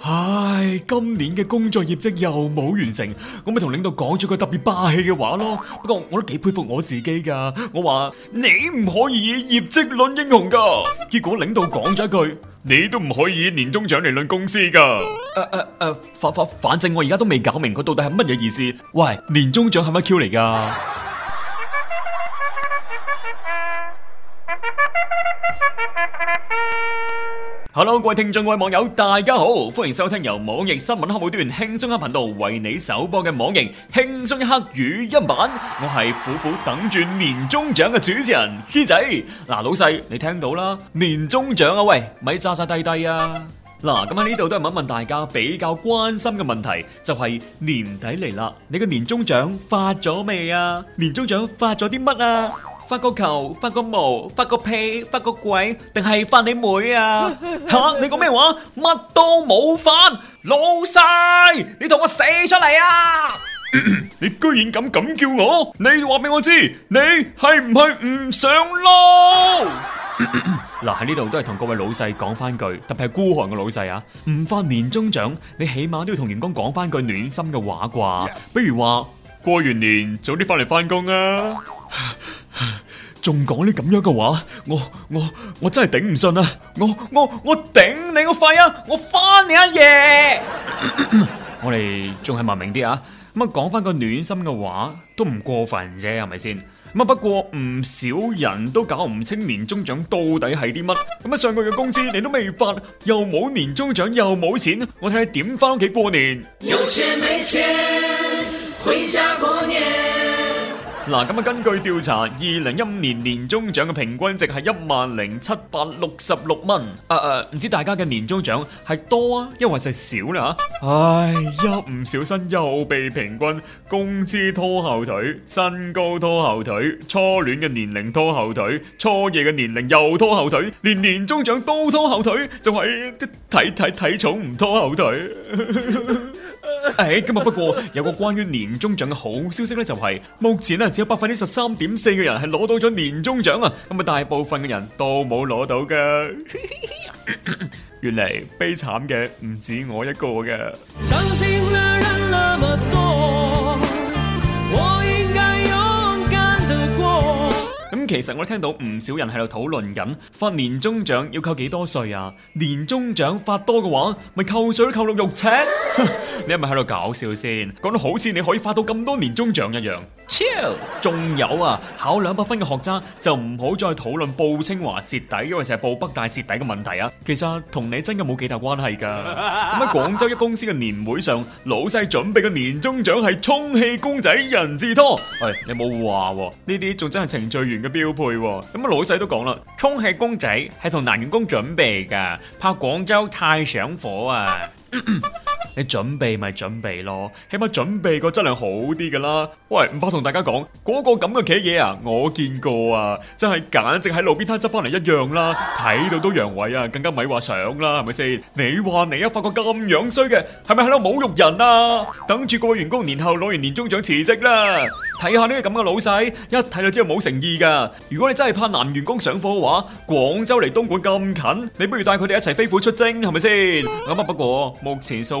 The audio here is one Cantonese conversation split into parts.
唉，今年嘅工作業績又冇完成，我咪同領導講咗句特別霸氣嘅話咯。不過我都幾佩服我自己噶，我話你唔可以以業績論英雄噶。結果領導講咗一句，你都唔可以以年終獎嚟論公司噶。誒誒誒，反反反正我而家都未搞明佢到底係乜嘢意思。喂，年終獎係乜 Q 嚟噶？Hello，各位聽眾、各位網友，大家好，歡迎收聽由網易新聞客戶端輕鬆一刻頻道為你首播嘅網易輕鬆一刻語音版，我係苦苦等住年終獎嘅主持人軒仔。嗱、啊，老細，你聽到啦？年終獎啊，喂，咪揸晒低低啊！嗱，咁喺呢度都係問一問大家比較關心嘅問題，就係、是、年底嚟啦，你嘅年終獎發咗未啊？年終獎發咗啲乜啊？發個球，發個毛，發個屁，發個鬼，定係發你妹啊！吓， 你講咩話？乜都冇發，老細，你同我死出嚟啊咳喉！你居然敢咁叫我？你話俾我知，你係唔係唔上路？嗱，喺呢度都係同各位老細講翻句，特別係孤寒嘅老細啊，唔發年終獎，你起碼都要同員工講翻句暖心嘅話啩，Yes. 比如話過完年早啲翻嚟翻工啊！仲講啲咁樣嘅話，我我我真係頂唔順啊！我我我頂你個肺啊！我翻你一夜！我哋仲係文明啲啊！咁啊講翻個暖心嘅話都唔過分啫，係咪先？咁啊不過唔少人都搞唔清年終獎到底係啲乜，咁啊上個月工資你都未發，又冇年終獎，又冇錢，我睇你點翻屋企過年？有錢冇錢，回家過年。嗱，咁啊，根據調查，二零一五年年終獎嘅平均值係一萬零七百六十六蚊。誒誒，唔知大家嘅年終獎係多啊，抑或係少啦？嚇！唉，一唔小心又被平均工資拖後腿，身高拖後腿，初戀嘅年齡拖後腿，初夜嘅年齡又拖後腿，連年終獎都拖後腿，仲係睇睇體重唔拖後腿。誒、哎，今日不過有個關於年終獎嘅好消息咧、就是，就係目前咧只有百分之十三點四嘅人係攞到咗年終獎啊，咁啊大部分嘅人都冇攞到噶， 原嚟悲慘嘅唔止我一個噶。其實我聽到唔少人喺度討論緊發年終獎要扣幾多稅啊？年終獎發多嘅話，咪扣水扣到肉赤？ 你係咪喺度搞笑先？講到好似你可以發到咁多年終獎一樣。超，仲有啊，考兩百分嘅學渣就唔好再討論報清華蝕底，因為成日報北大蝕底嘅問題啊。其實同、啊、你真嘅冇幾大關係噶。咁喺廣州一公司嘅年會上，老細準備嘅年終獎係充氣公仔、人字拖。喂、哎，你冇話呢啲，仲真係程序員嘅標配。咁啊，老細都講啦，充氣公仔係同男員工準備嘅，怕廣州太上火啊。 你準備咪準備咯，起碼準備個質量好啲噶啦。喂，唔怕同大家講嗰個咁嘅茄嘢啊，我見過啊，真係簡直喺路邊攤執翻嚟一樣啦，睇到都陽痿啊，更加咪話想啦，係咪先？你話你啊，發個咁樣衰嘅，係咪係度侮辱人啊？等住個員工年後攞完年終獎辭職啦，睇下呢啲咁嘅老細，一睇就知係冇誠意噶。如果你真係怕男員工上火嘅話，廣州嚟東莞咁近，你不如帶佢哋一齊飛虎出征，係咪先？咁啊，不過目前數。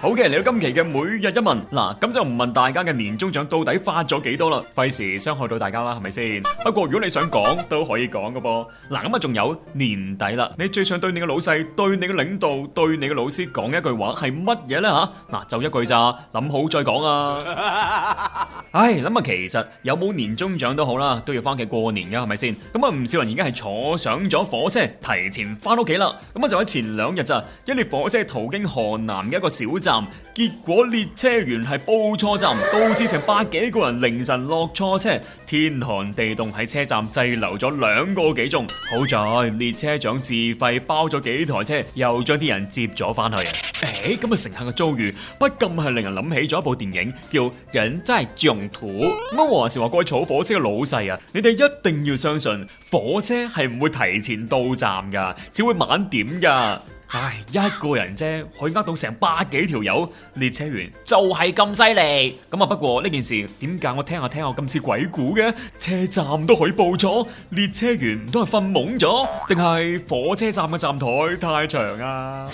好嘅，嚟到今期嘅每日一問嗱，咁就唔問大家嘅年終獎到底發咗幾多啦，費事傷害到大家啦，係咪先？ 不過如果你想講都可以講噶噃嗱，咁啊仲有年底啦，你最想對你嘅老細、對你嘅領導、對你嘅老師講一句話係乜嘢呢？吓？嗱，就一句咋，諗好再講啊！ 唉，諗下其實有冇年終獎都好啦，都要翻屋企過年噶，係咪先？咁啊，唔少人而家係坐上咗火車提前翻屋企啦，咁啊就喺前兩日咋一列火車途經河南嘅一個小鎮。結果列車員係報錯站，導致成百幾個人凌晨落錯車，天寒地凍喺車站滯留咗兩個幾鐘。好在列車長自費包咗幾台車，又將啲人接咗翻去。誒、哎，咁啊，乘客嘅遭遇不禁係令人諗起咗一部電影，叫《人真係囧途》。乜話時話：嗰位坐火車嘅老細啊，你哋一定要相信火車係唔會提前到站噶只會晚點噶唉，一個人啫，可以呃到成百幾條友，列車員就係咁犀利。咁啊，不過呢件事點解我聽下聽下咁似鬼故嘅？車站都可以報錯，列車員都係瞓懵咗，定係火車站嘅站台太長啊？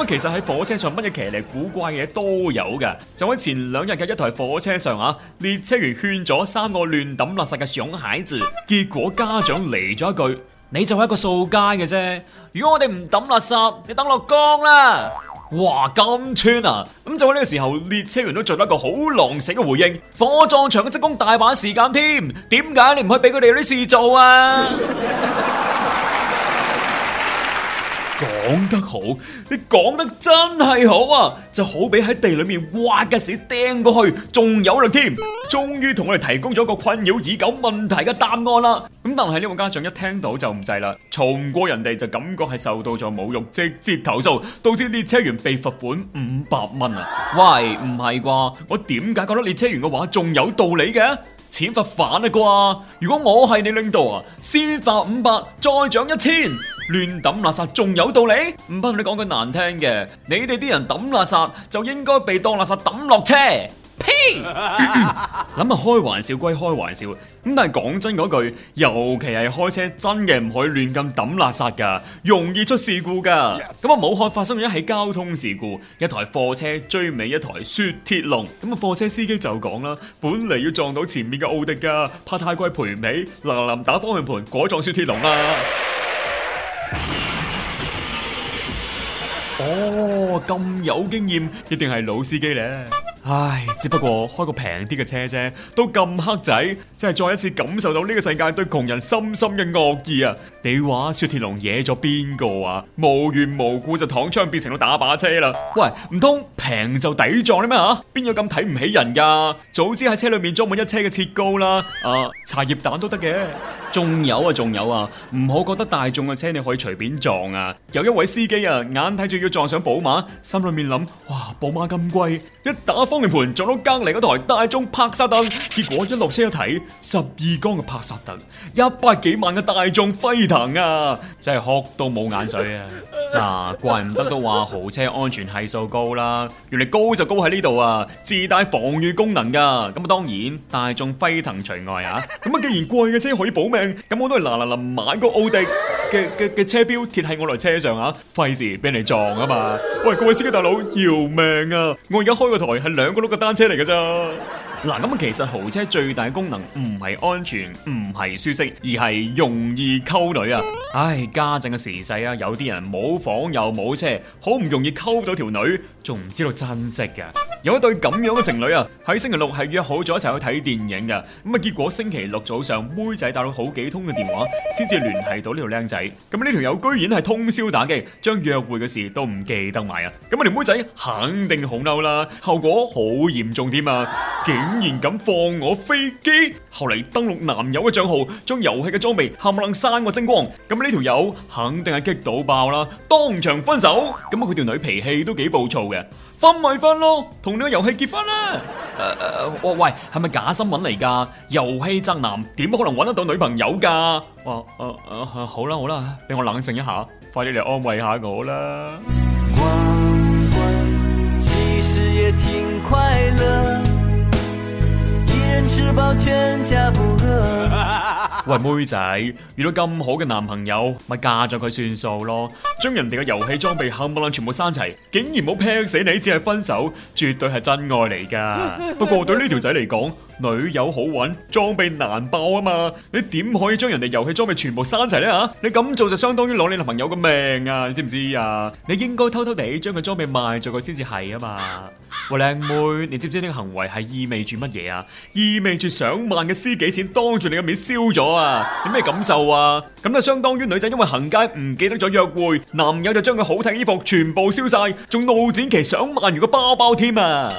咁其實喺火車上乜嘢奇離古怪嘅嘢都有㗎，就喺前兩日嘅一台火車上啊，列車員勸咗三個亂抌垃圾嘅小孩子，結果家長嚟咗一句：，你就係一個掃街嘅啫，如果我哋唔抌垃圾，你等落江啦。哇，咁串啊！咁就喺呢個時候，列車員都做咗一個好狼死嘅回應：，火葬場嘅職工大把時間添，點解你唔去俾佢哋啲事做啊？ 講得好，你講得真係好啊！就好比喺地裏面挖嘅屎掟過去，仲有力添。終於同我哋提供咗個困擾已久問題嘅答案啦！咁但係呢位家長一聽到就唔制啦，吵唔過人哋就感覺係受到咗侮辱，直接投訴，導致列車員被罰款五百蚊啊！喂，唔係啩？我點解覺得列車員嘅話仲有道理嘅？錢罰反啦啩！如果我係你領導啊，先罰五百，再獎一千。亂抌垃圾仲有道理？唔怕同你講句難聽嘅，你哋啲人抌垃圾就應該被當垃圾抌落車。呸！諗下屁 開玩笑歸開玩笑，咁但係講真嗰句，尤其係開車真嘅唔可以亂咁抌垃圾噶，容易出事故噶。咁啊 Yes.、嗯，武漢發生咗一起交通事故，一台貨車追尾一台雪鐵龍，咁、嗯、啊，貨車司機就講啦，本嚟要撞到前面嘅奧迪噶，怕太貴賠唔起，嗱林打方向盤果撞雪鐵龍啊！哦，咁有經驗，一定係老司機咧。唉，只不過開個平啲嘅車啫，都咁黑仔，真係再一次感受到呢個世界對窮人深深嘅惡意啊！你話雪鐵龍惹咗邊個啊？無緣無故就躺槍變成咗打靶車啦！喂，唔通平就抵撞咩啊？邊有咁睇唔起人噶？早知喺車裏面裝滿一車嘅切糕啦，啊，茶葉蛋都得嘅。仲有啊，仲有啊，唔好覺得大眾嘅車你可以隨便撞啊！有一位司機啊，眼睇住要撞上寶馬，心裏面諗：哇，寶馬咁貴，一打方向盤撞到隔離嗰台大眾帕薩特，結果一落車一睇，十二缸嘅帕薩特，一百幾萬嘅大眾輝騰啊，真係哭都冇眼水啊！嗱，啊，怪唔得都話豪車安全係數高啦，原來高就高喺呢度啊，自帶防禦功能噶，咁啊當然大眾輝騰除外啊，咁啊既然貴嘅車可以保命。咁、嗯、我都係嗱嗱臨買個奧迪嘅嘅嘅車標貼喺我台車上啊，費事俾人哋撞啊嘛！喂，各位司機大佬，要命啊！我而家開個台係兩個轆嘅單車嚟噶咋。嗱，咁其實豪車最大功能唔係安全，唔係舒適，而係容易溝女啊！唉，家陣嘅時勢啊，有啲人冇房又冇車，好唔容易溝到條女，仲唔知道珍惜噶。有一對咁樣嘅情侶啊，喺星期六係約好咗一齊去睇電影噶，咁啊，結果星期六早上，妹仔打咗好幾通嘅電話，先至聯繫到呢條靚仔。咁呢條友居然係通宵打機，將約會嘅事都唔記得埋啊！咁啊條妹仔肯定好嬲啦，後果好嚴重添啊！竟然敢放我飛機，後嚟登錄男友嘅賬號，將遊戲嘅裝備冚唪唥刪個精光，咁呢條友肯定係激到爆啦，當場分手。咁佢條女脾氣都幾暴躁嘅，分咪分咯，同你個遊戲結婚啦。誒誒，哇喂，係咪假新聞嚟噶？遊戲宅男點可能揾得到女朋友噶？哇，誒誒，好啦好啦，俾我冷靜一下，快啲嚟安慰下我啦。喂，妹仔，遇到咁好嘅男朋友，咪嫁咗佢算數咯！將人哋嘅遊戲裝備冚唪唥全部刪齊，竟然冇劈死你，只係分手，絕對係真愛嚟㗎！不 過對呢條仔嚟講。女友好揾，裝備難爆啊嘛！你點可以將人哋遊戲裝備全部刪齊呢？嚇？你咁做就相當於攞你男朋友個命啊！你知唔知啊？你應該偷偷地將佢裝備賣咗佢先至係啊嘛！喂、 哦，靚妹，你知唔知呢個行為係意味住乜嘢啊？意味住上萬嘅私己錢當住你嘅面燒咗啊！你有咩感受啊？咁就相當於女仔因為行街唔記得咗約會，男友就將佢好睇嘅衣服全部燒晒，仲怒剪其上萬元嘅包包添啊！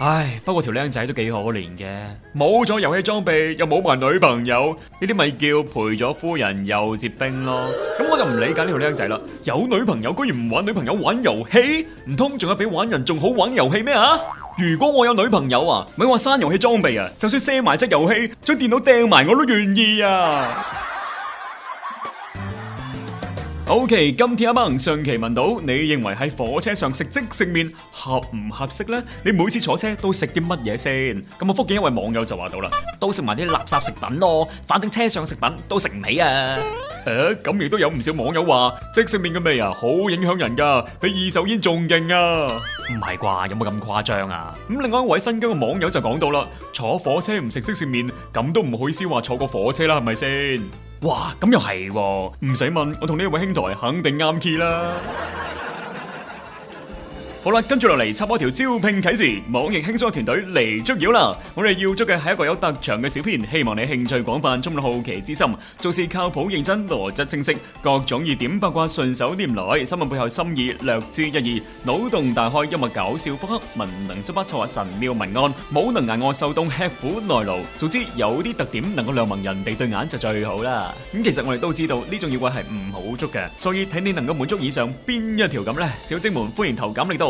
唉，不過條僆仔都幾可憐嘅，冇咗遊戲裝備又冇埋女朋友，呢啲咪叫賠咗夫人又折兵咯。咁、嗯、我就唔理解呢條僆仔啦，有女朋友居然唔玩女朋友玩遊戲？唔通仲係比玩人仲好玩遊戲咩啊？如果我有女朋友啊，咪係話刪遊戲裝備啊，就算卸埋隻遊戲，將電腦掟埋我都願意啊！O、okay, K，今天阿蒙上期問到你認為喺火車上食即食麵合唔合適呢？你每次坐車都食啲乜嘢先？咁啊，福建一位網友就話到啦，都食埋啲垃圾食品咯，反正車上食品都食唔起啊。誒、嗯，咁亦都有唔少網友話，即食麵嘅味啊，好影響人噶，比二手煙仲勁啊。唔係啩？有冇咁誇張啊？咁另外一位新疆嘅網友就講到啦：坐火車唔食即食麵，咁都唔好意思話坐過火車啦，係咪先？哇！咁又係，唔使問我同呢一位兄台肯定啱 key 啦。好啦，跟住落嚟插播一條招聘啟事，網易輕鬆嘅團隊嚟捉妖啦！我哋要捉嘅係一個有特長嘅小編，希望你興趣廣泛，充滿好奇之心，做事靠譜認真，邏輯清晰，各種熱點八卦順手拈來，新聞背後心意略知一二，腦洞大開，幽默搞笑腹黑，文能執筆抽下神妙文案冇，能挨餓受凍，吃苦耐勞，總之有啲特點能夠亮盲人哋對眼就最好啦！咁其實我哋都知道呢種妖怪係唔好捉嘅，所以睇你能夠滿足以上邊一條咁呢，小精們歡迎投簡歷到。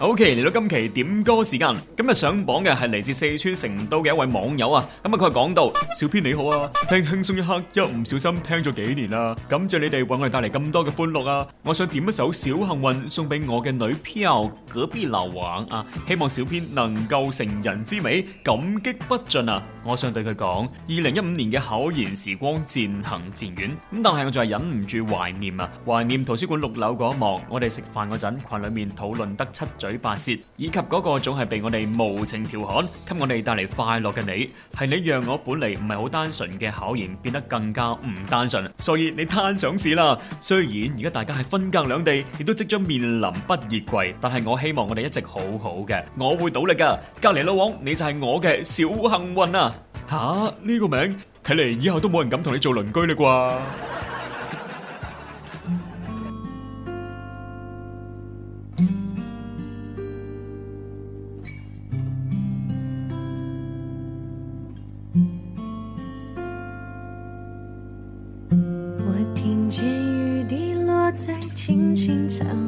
O.K. 嚟到今期點歌時間，今日上榜嘅係嚟自四川成都嘅一位網友啊，咁啊佢係講到小編你好啊，聽輕鬆一刻又唔小心聽咗幾年啦，感謝你哋為我哋帶嚟咁多嘅歡樂啊，我想點一首小幸運送俾我嘅女票隔壁劉華啊，希望小編能夠成人之美，感激不盡啊，我想對佢講，二零一五年嘅考研時光漸行漸遠，咁但係我仲係忍唔住懷念啊，懷念圖書館六樓嗰一幕，我哋食飯嗰陣群裏面討論得七去跋涉，以及嗰個總係被我哋無情調侃，給我哋帶嚟快樂嘅你，係你讓我本嚟唔係好單純嘅考驗變得更加唔單純。所以你攤上事啦。雖然而家大家係分隔兩地，亦都即將面臨畢業季，但係我希望我哋一直好好嘅。我會努力噶。隔籬老王，你就係我嘅小幸運啊！吓呢個名，睇嚟以後都冇人敢同你做鄰居啦啩。在輕輕唱。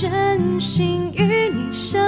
真心與你相。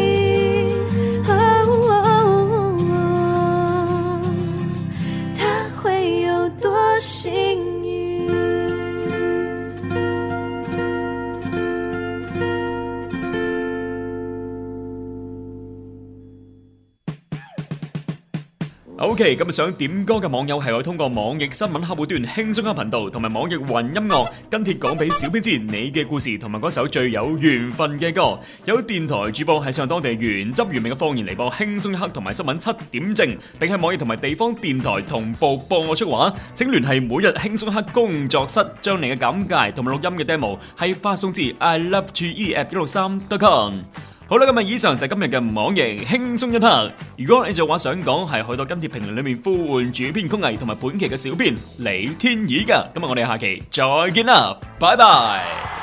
今日想點歌嘅網友係可以通過網易新聞客戶端輕鬆一刻頻道同埋網易雲音樂跟帖，講俾小編知你嘅故事同埋嗰首最有緣分嘅歌。有電台主播係上當地原汁原味嘅方言嚟，播輕鬆一刻同埋新聞七點正，並喺網易同埋地方電台同步播出話，請聯繫每日輕鬆一刻工作室，將你嘅簡介同埋錄音嘅 demo 喺發送至 I Love G E App 一六三 dot com。好啦，咁以上就係今日嘅網型輕鬆一刻。如果你有話想講，係去到跟帖評論裏面呼喚主編曲藝同埋本期嘅小編李天宇噶。咁我哋下期再見啦，拜拜。